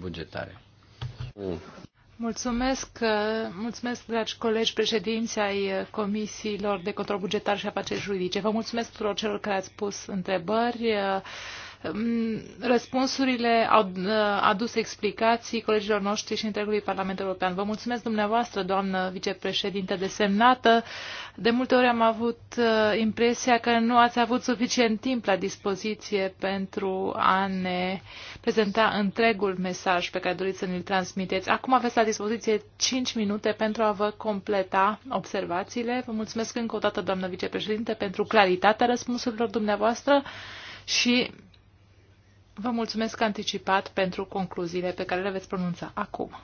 bugetare. Mm. Mulțumesc, mulțumesc, dragi colegi președinți ai comisiilor de control bugetar și afaceri juridice. Vă mulțumesc tuturor celor care ați pus întrebări răspunsurile, au ă, adus explicații colegilor noștri și întregului Parlament European. Vă mulțumesc dumneavoastră, doamnă vicepreședinte desemnată. De multe ori am avut ă, impresia că nu ați avut suficient timp la dispoziție pentru a ne prezenta întregul mesaj pe care doriți să ne-l transmiteți. Acum aveți la dispoziție 5 minute pentru a vă completa observațiile. Vă mulțumesc încă o dată, doamnă vicepreședinte, pentru claritatea răspunsurilor dumneavoastră și Vă mulțumesc anticipat pentru concluziile pe care le veți pronunța acum.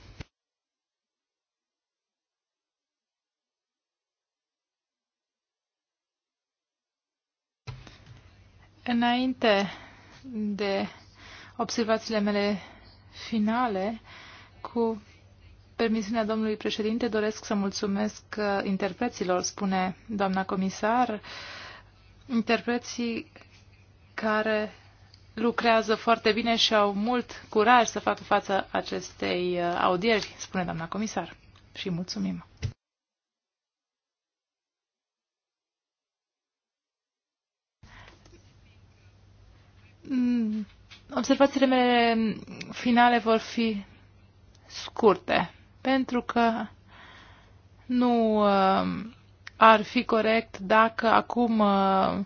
Înainte de observațiile mele finale, cu permisiunea domnului președinte, doresc să mulțumesc uh, interpreților, spune doamna comisar, interpreții care lucrează foarte bine și au mult curaj să facă față acestei uh, audieri, spune doamna comisar. Și mulțumim! Mm, observațiile mele finale vor fi scurte, pentru că nu uh, ar fi corect dacă acum uh,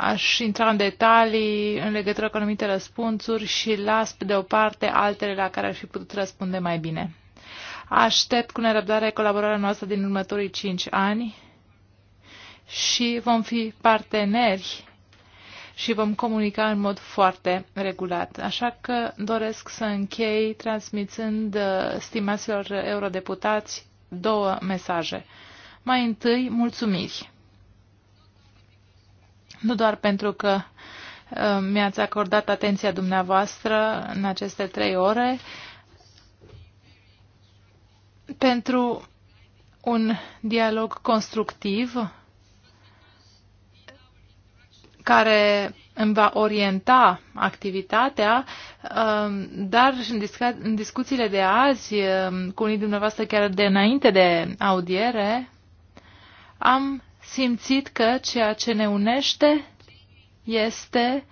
Aș intra în detalii în legătură cu anumite răspunsuri și las pe de o parte altele la care ar fi putut răspunde mai bine. Aștept cu nerăbdare colaborarea noastră din următorii 5 ani și vom fi parteneri și vom comunica în mod foarte regulat. Așa că doresc să închei transmițând uh, stimaților eurodeputați două mesaje. Mai întâi, mulțumiri! nu doar pentru că uh, mi-ați acordat atenția dumneavoastră în aceste trei ore, pentru un dialog constructiv care îmi va orienta activitatea, uh, dar și în, discu în discuțiile de azi, uh, cu unii dumneavoastră chiar de înainte de audiere, am simțit că ceea ce ne unește este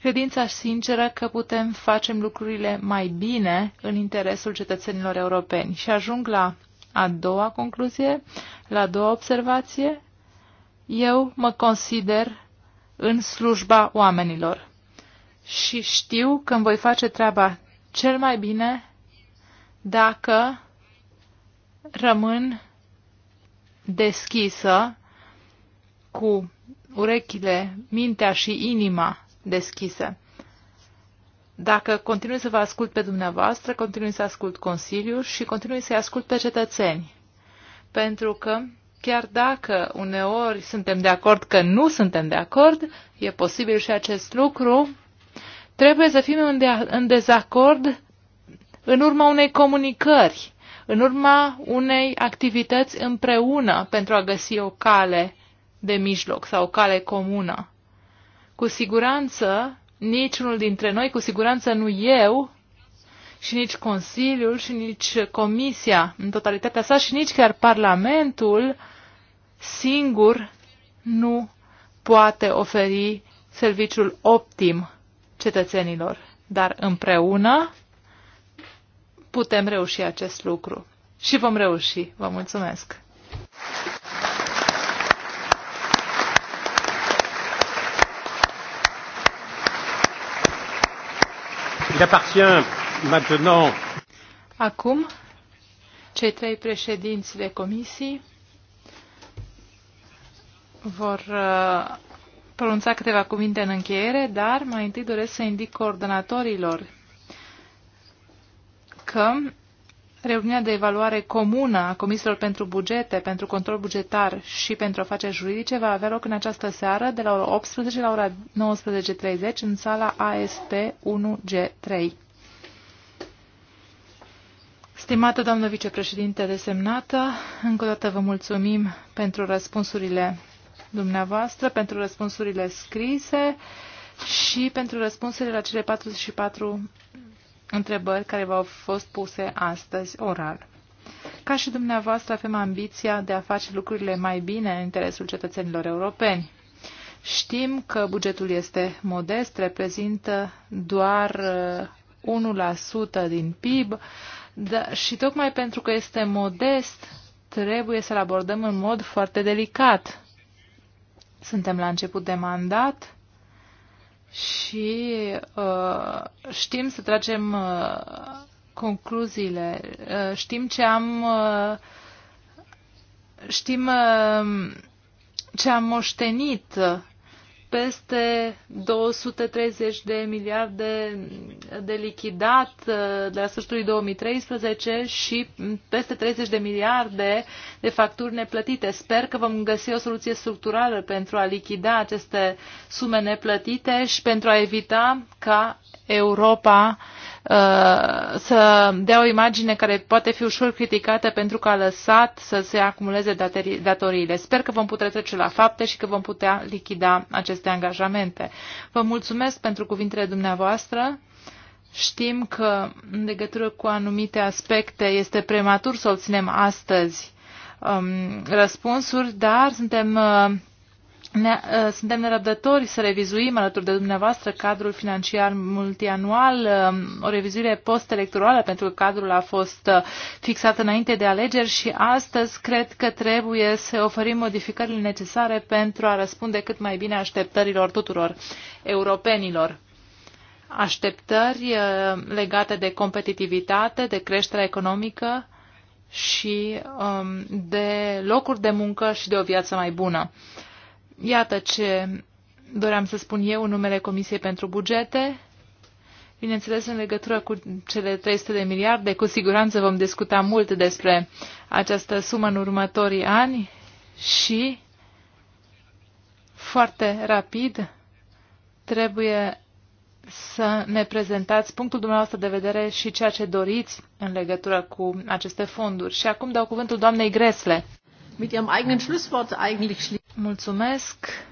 credința sinceră că putem face lucrurile mai bine în interesul cetățenilor europeni. Și ajung la a doua concluzie, la a doua observație. Eu mă consider în slujba oamenilor și știu că îmi voi face treaba cel mai bine dacă rămân deschisă cu urechile, mintea și inima deschise. Dacă continui să vă ascult pe dumneavoastră, continui să ascult Consiliul și continui să-i ascult pe cetățeni. Pentru că chiar dacă uneori suntem de acord că nu suntem de acord, e posibil și acest lucru, trebuie să fim în, de- în dezacord în urma unei comunicări în urma unei activități împreună pentru a găsi o cale de mijloc sau o cale comună. Cu siguranță, niciunul dintre noi, cu siguranță nu eu, și nici Consiliul, și nici Comisia în totalitatea sa, și nici chiar Parlamentul singur nu poate oferi serviciul optim cetățenilor. Dar împreună putem reuși acest lucru. Și vom reuși. Vă mulțumesc! Il appartient maintenant Acum, cei trei președinți de comisii vor uh, pronunța câteva cuvinte în încheiere, dar mai întâi doresc să indic coordonatorilor că reuniunea de evaluare comună a Comisiilor pentru Bugete, pentru Control Bugetar și pentru Afaceri Juridice va avea loc în această seară de la ora 18 la ora 19.30 în sala ASP 1G3. Stimată doamnă vicepreședinte desemnată, încă o dată vă mulțumim pentru răspunsurile dumneavoastră, pentru răspunsurile scrise și pentru răspunsurile la cele 44 întrebări care v-au fost puse astăzi oral. Ca și dumneavoastră avem ambiția de a face lucrurile mai bine în interesul cetățenilor europeni. Știm că bugetul este modest, reprezintă doar 1% uh, din PIB dar și tocmai pentru că este modest, trebuie să-l abordăm în mod foarte delicat. Suntem la început de mandat și uh, știm să tragem uh, concluziile, uh, știm ce am, uh, știm uh, ce am moștenit uh, peste 230 de miliarde de lichidat uh, de la sfârșitul 2013 și peste 30 de miliarde de facturi neplătite. Sper că vom găsi o soluție structurală pentru a lichida aceste sume neplătite și pentru a evita ca Europa Uh, să dea o imagine care poate fi ușor criticată pentru că a lăsat să se acumuleze datoriile. Sper că vom putea trece la fapte și că vom putea lichida aceste angajamente. Vă mulțumesc pentru cuvintele dumneavoastră. Știm că în legătură cu anumite aspecte este prematur să obținem astăzi um, răspunsuri, dar suntem uh, ne, ă, suntem nerăbdători să revizuim alături de dumneavoastră cadrul financiar multianual. Ă, o revizuire post-electorală pentru că cadrul a fost ă, fixat înainte de alegeri și astăzi cred că trebuie să oferim modificările necesare pentru a răspunde cât mai bine așteptărilor tuturor europenilor așteptări legate de competitivitate, de creștere economică și de locuri de muncă și de o viață mai bună. Iată ce doream să spun eu în numele Comisiei pentru Bugete. Bineînțeles, în legătură cu cele 300 de miliarde, cu siguranță vom discuta mult despre această sumă în următorii ani și foarte rapid trebuie să ne prezentați punctul dumneavoastră de vedere și ceea ce doriți în legătură cu aceste fonduri. Și acum dau cuvântul doamnei Gresle. Mit ihrem eigenen Schlusswort eigentlich Mulțumesc.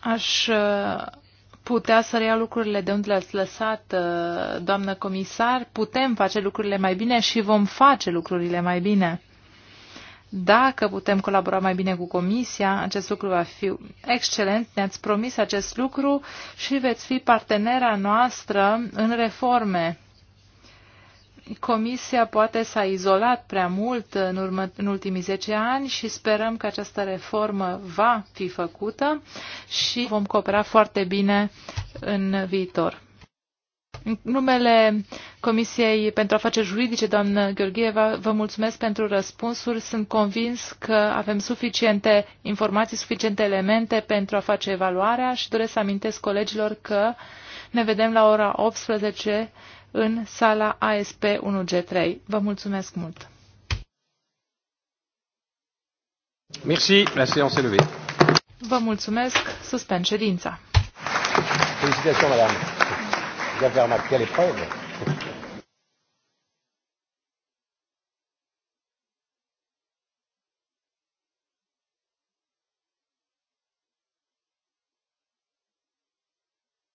Aș uh, putea să reia lucrurile de unde le-ați lăsat, uh, doamnă comisar. Putem face lucrurile mai bine și vom face lucrurile mai bine. Dacă putem colabora mai bine cu Comisia, acest lucru va fi excelent. Ne-ați promis acest lucru și veți fi partenera noastră în reforme. Comisia poate s-a izolat prea mult în, urmă, în ultimii 10 ani și sperăm că această reformă va fi făcută și vom coopera foarte bine în viitor. În numele Comisiei pentru Afaceri Juridice, doamnă Gheorgheva, vă mulțumesc pentru răspunsuri. Sunt convins că avem suficiente informații, suficiente elemente pentru a face evaluarea și doresc să amintesc colegilor că ne vedem la ora 18 în sala ASP 1G3. Vă mulțumesc mult! Merci, la séance est levée. Vă mulțumesc, suspend ședința. Félicitations, madame. Vous avez remarqué l'épreuve.